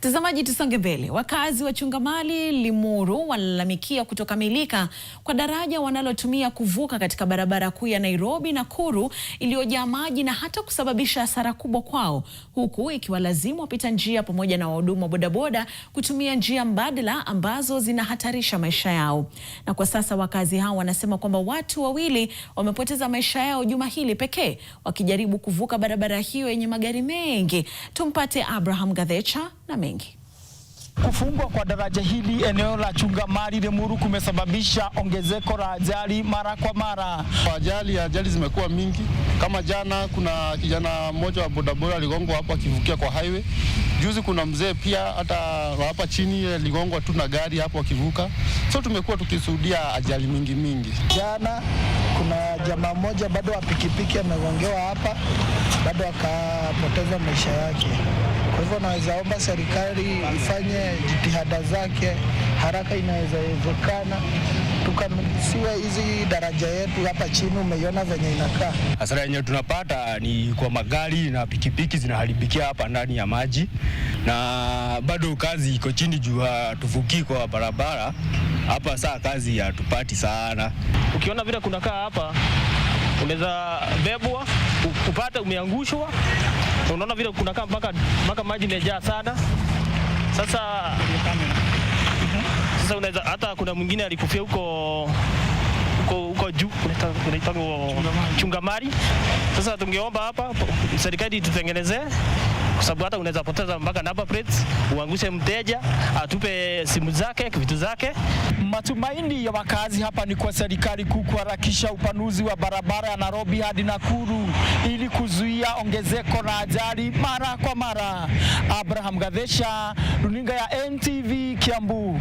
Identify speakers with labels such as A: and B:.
A: Mtazamaji, tusonge mbele. Wakazi wa Chungamali, Limuru wanalalamikia kutokamilika kwa daraja wanalotumia kuvuka katika barabara kuu ya Nairobi Nakuru iliyojaa maji na hata kusababisha hasara kubwa kwao, huku ikiwalazimu wapita njia pamoja na wahudumu wa bodaboda kutumia njia mbadala ambazo zinahatarisha maisha yao. Na kwa sasa wakazi hao wanasema kwamba watu wawili wamepoteza maisha yao juma hili pekee wakijaribu kuvuka barabara hiyo yenye magari mengi. Tumpate Abraham Gadhecha na mengi.
B: Kufungwa kwa daraja hili eneo la Chungamari Lemuru kumesababisha ongezeko la ajali mara kwa mara.
C: Ajali ya ajali zimekuwa mingi, kama jana kuna kijana mmoja wa bodaboda aligongwa hapa akivukia kwa highway. Juzi kuna mzee pia hata hapa chini aligongwa tu na gari hapo akivuka. So tumekuwa tukishuhudia ajali mingi mingi.
D: Jana kuna jamaa mmoja bado wa pikipiki amegongewa hapa, bado akapoteza maisha yake. Kwa hivyo naweza omba serikali ifanye jitihada zake haraka inawezawezekana tukaisiwe hizi daraja yetu hapa chini, umeiona venye inakaa.
E: Hasara yenyewe tunapata ni kwa magari na pikipiki zinaharibikia hapa ndani ya maji, na bado kazi iko chini juu hatuvukii kwa barabara hapa. Saa kazi hatupati sana,
F: ukiona vile kunakaa hapa, unaweza bebwa upate umeangushwa unaona vile kama mpaka mpaka maji imejaa sana. Sasa sasa unaweza hata kuna mwingine alikufia huko huko huko unaitwa chungamari. Sasa tungeomba hapa serikali tutengenezee kwa sababu hata unaweza poteza mpaka number plates, uangushe mteja, atupe simu zake, vitu zake.
B: Matumaini ya wakazi hapa ni kwa serikali kuu kuharakisha upanuzi wa barabara ya Nairobi hadi Nakuru ili kuzuia ongezeko la ajali mara kwa mara. Abraham Gadesha, runinga ya NTV Kiambu.